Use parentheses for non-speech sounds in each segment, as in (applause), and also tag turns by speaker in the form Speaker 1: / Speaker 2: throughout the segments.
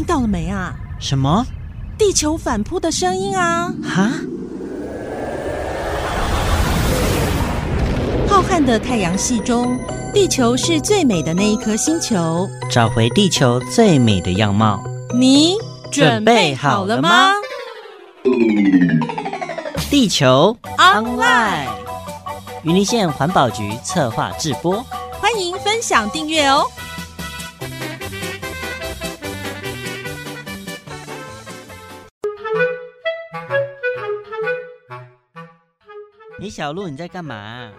Speaker 1: 聽到了沒啊？什麼？地球反撲的聲音啊！哈
Speaker 2: 蛤！浩瀚的太陽系中，地球是最美的那一顆星球。
Speaker 3: 找回地球最美的樣貌，
Speaker 4: 你準備好了嗎？了
Speaker 3: 嗎？地球
Speaker 4: online，online
Speaker 3: 雲林縣環保局策劃製播，
Speaker 2: 歡迎分享訂閱哦。
Speaker 3: 哎，你小鷺，你在幹嘛、
Speaker 2: 啊？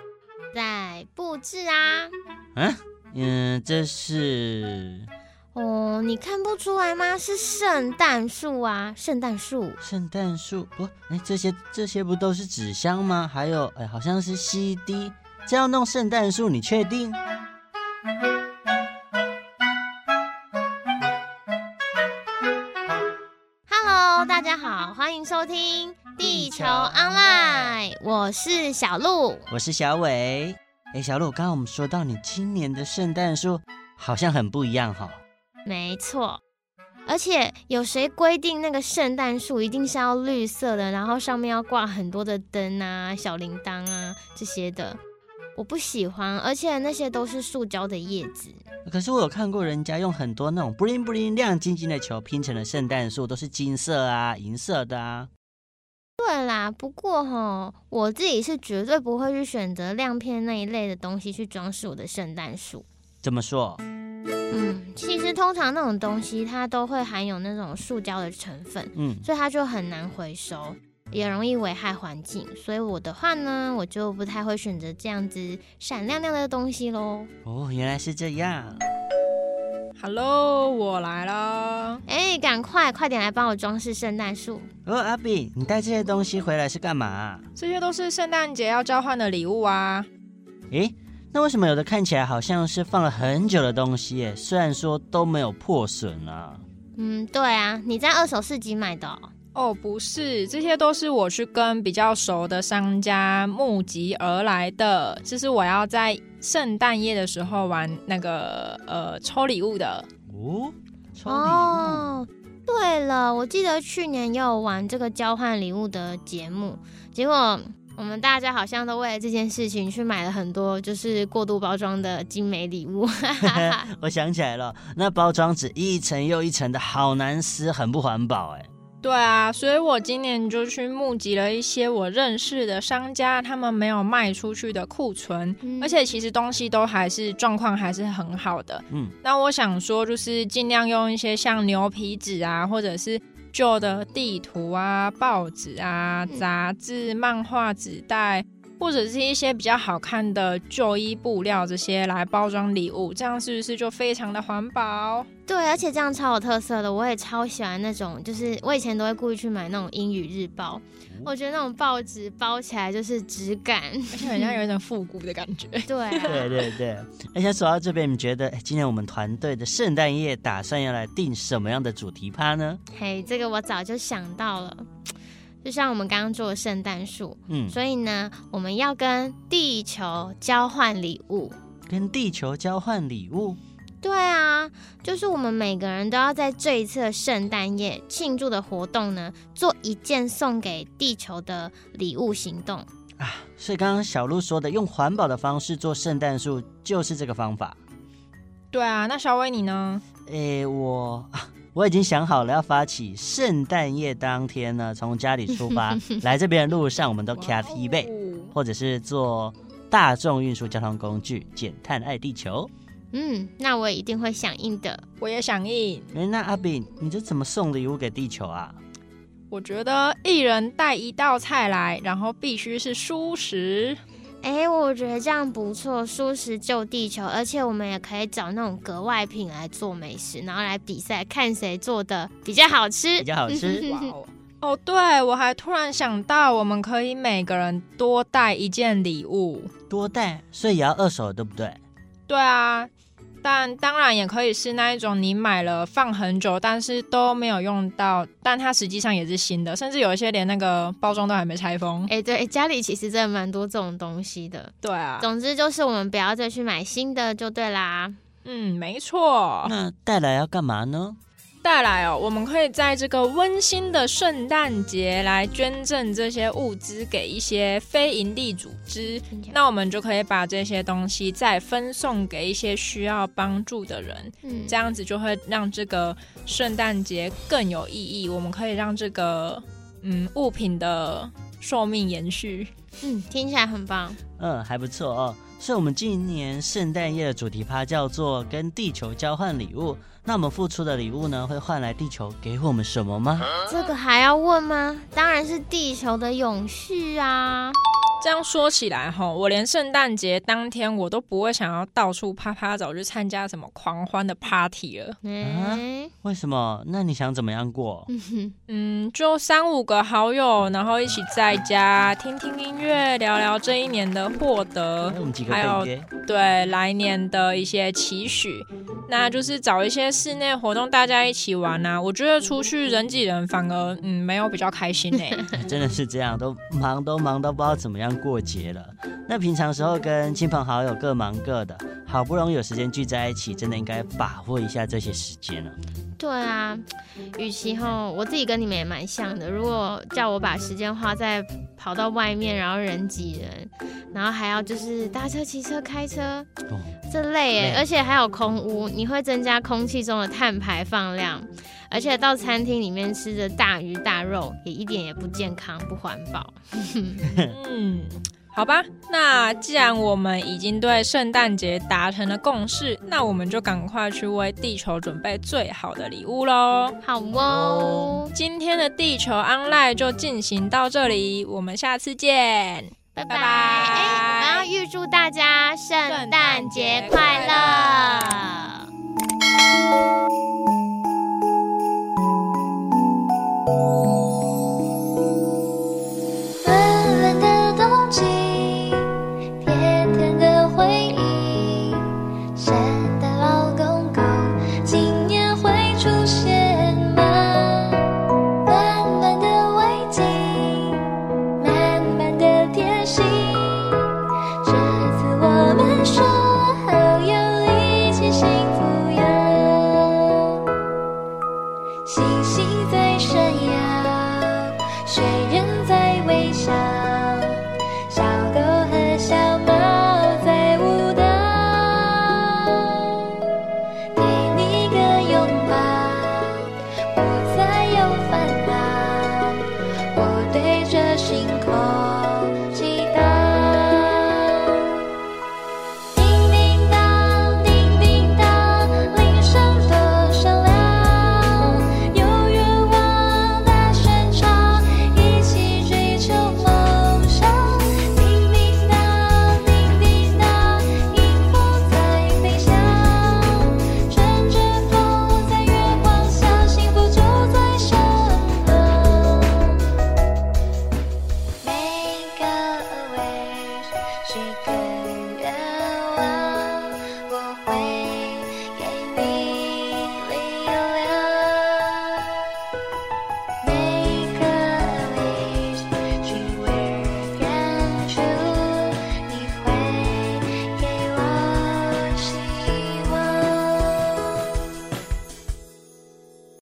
Speaker 2: 在布置啊。嗯、啊、嗯，
Speaker 3: 這是
Speaker 2: 哦，你看不出來嗎？是聖誕樹啊，聖誕樹，聖誕樹不？哎、哦，
Speaker 3: 這些這些不都是紙箱嗎？還有哎，好像是 CD。這樣弄聖誕樹，你確定
Speaker 2: 好？Hello，大家好，歡迎收聽地球安啦。我是小鷺，
Speaker 3: 我是小洧。哎、欸，小鷺，剛剛我們說到你今年的聖誕樹好像很不一樣哈、哦。
Speaker 2: 沒錯，而且有誰規定那個聖誕樹一定是要綠色的，然後上面要掛很多的燈啊、小鈴鐺啊這些的？我不喜歡，而且那些都是塑膠的葉子。
Speaker 3: 可是我有看過人家用很多那種布靈布靈亮晶晶的球拼成的聖誕樹，都是金色啊、銀色的啊。
Speaker 2: 對啦，不過吼，我自己是絕對不會去選擇亮片那一類的東西去裝飾我的聖誕樹。
Speaker 3: 怎麼說？
Speaker 2: 嗯，其實通常那種東西它都會含有那種塑膠的成分，嗯，所以它就很難回收，也容易危害環境。所以我的話呢，我就不太會選擇這樣子閃亮亮的東西嘍。
Speaker 3: 哦，原來是這樣。
Speaker 2: Hello，我來啦！哎、欸，趕快，快點來幫我裝飾聖誕樹。
Speaker 3: 哦，阿秉，你帶這些東西回來是幹嘛？
Speaker 2: 這些都是聖誕節要交換的禮物啊。誒、
Speaker 3: 欸，那為什麼有的看起來好像是放了很久的東西、欸？雖然說都沒有破損啊。
Speaker 2: 嗯，對啊，你在二手市集買的、哦。哦，不是，這些都是我
Speaker 1: 去跟比較熟的商家募集而來的。這是我要在聖誕夜的時候玩那個呃抽禮物的哦，
Speaker 2: 哦，
Speaker 3: 抽
Speaker 1: 禮
Speaker 2: 物。對了，我記得去年有玩這個交換禮物的節目，結果我們大家好像都為了這件事情去買了很多就是過度包裝的精美禮物。 (laughs)
Speaker 3: (laughs) 我想起來了，那包裝紙一層又一層的，好難撕，很不環保哎、欸。
Speaker 1: 對啊，所以我今年就去募集了一些我認識的商家，他們沒有賣出去的庫存，嗯、而且其實東西都還是狀況還是很好的。嗯，那我想說就是盡量用一些像牛皮紙啊，或者是舊的地圖啊、報紙啊、雜誌、漫畫紙袋。或者是一些比較好看的舊衣布
Speaker 2: 料這些來包裝禮物，這樣是不是就非常的環保？對，而且這樣超有特色的，我也超喜歡那種。就是我以前都會故意去買那種英語日報，嗯、我覺得那種報紙包起來就是質感，而且好像有一種復古的感覺。 (laughs) 對、啊、 (laughs) 對
Speaker 3: 對對，而且走到這邊，你覺得誒，今天我們團隊的聖誕夜打算要來定什麼樣的主題趴呢？
Speaker 2: 嘿，這個我早就想到了。就像我們剛剛做的聖誕樹，嗯，所以呢，我們要跟地球交換禮物，
Speaker 3: 跟地球交換禮物，
Speaker 2: 對啊，就是我們每個人都要在這一次的聖誕夜慶祝的活動呢，做一件送給地球的禮物行動啊。
Speaker 3: 所以剛剛小鷺說的，用環保的方式做聖誕樹，就是這個方法。
Speaker 1: 對啊，那小洧你呢？誒、
Speaker 3: 欸，我。我已經想好了，要發起聖誕夜當天呢，從家裡出發 (laughs) 來這邊的路上，我們都開 T 一百、哦，或者是坐大眾運輸交通工具，減碳愛地球。
Speaker 2: 嗯，那我也一定會響應的，我也響應。
Speaker 3: 哎，那阿秉，你這怎麼送禮物給地球啊？
Speaker 1: 我覺得一人帶一道
Speaker 2: 菜來，然後必須是蔬食哎，我覺得這樣不錯，舒適救地球，而且我們也可以找那種格外品來做美食，然後來比賽，看誰做的比較好吃，比較好吃 (laughs) 哇哦！哦，對，我還突然想
Speaker 1: 到，我們可以每個人多帶一件禮物，多帶，
Speaker 3: 所以也要二手，對不對？
Speaker 1: 對啊。但當然也可以是那一種，你買了放很久，但是都沒有用到，但它實際上也是新的，甚至有一些連那個包裝都
Speaker 2: 還沒拆封。哎、欸，對、欸，家裡其實真的蠻多這種東西的。對啊，總之就是我們不要再去買新的就對啦。嗯，沒錯。那
Speaker 3: 帶來要幹嘛呢？
Speaker 1: 帶來哦，我們可以在這個溫馨的聖誕節來捐贈這些物資給一些非營利組織，嗯，那我們就可以把這些東西再分送給一些需要幫助的人，嗯，這樣子就會讓這個聖誕節更有意義。我們可以讓這個嗯物品的壽命延續，嗯，聽起來很棒，嗯，
Speaker 3: 還不錯哦。所以，我們今年聖誕夜的主題趴叫做“跟地球交換禮物”。那我們付出的禮物呢，會換來地球給我們什麼嗎？
Speaker 2: 這個還要問嗎？當然是地球的
Speaker 1: 永續啊！這樣說起來，哈，我連聖誕節當天我都不會想要到處趴趴走去參加什麼狂歡的 party 了。嗯。嗯。
Speaker 3: 為什麼？那你想怎麼樣過？
Speaker 1: 嗯，就三五個好友，然後一起在家聽聽音樂，聊聊這一年的獲得，嗯嗯嗯嗯、還有、嗯嗯、對來年的一些期許。嗯、那就是找一些室內活動，大家一起玩啊！我覺得出去人擠人，反而嗯沒有比較開心呢、欸。真的
Speaker 3: 是這樣，都忙都忙，都不知道怎麼樣過節了。那平常時候跟親朋好友各忙各的，好不容易有時間聚在一起，真的應該把握一下這些時間了。
Speaker 4: 對
Speaker 2: 啊，與其後我自己跟你們也蠻像的，如果叫我把時間花在跑到外面，然後人擠人，然後還要就是搭車、騎車、開車，哦、這類累哎！而且還有空污，你會增加空氣中的碳排放量，而且到餐廳裡面吃的大魚大肉也一點也不健康、不環
Speaker 1: 保。嗯。 (laughs) 好吧，那既然我們已經對聖誕節達成了共識，那我們就趕快去為地球準備最好的禮物嘍。好哦，今天的地球 online 就進行到這裡，
Speaker 2: 我們下次見，拜拜，欸，我們要預祝大家聖誕節快樂。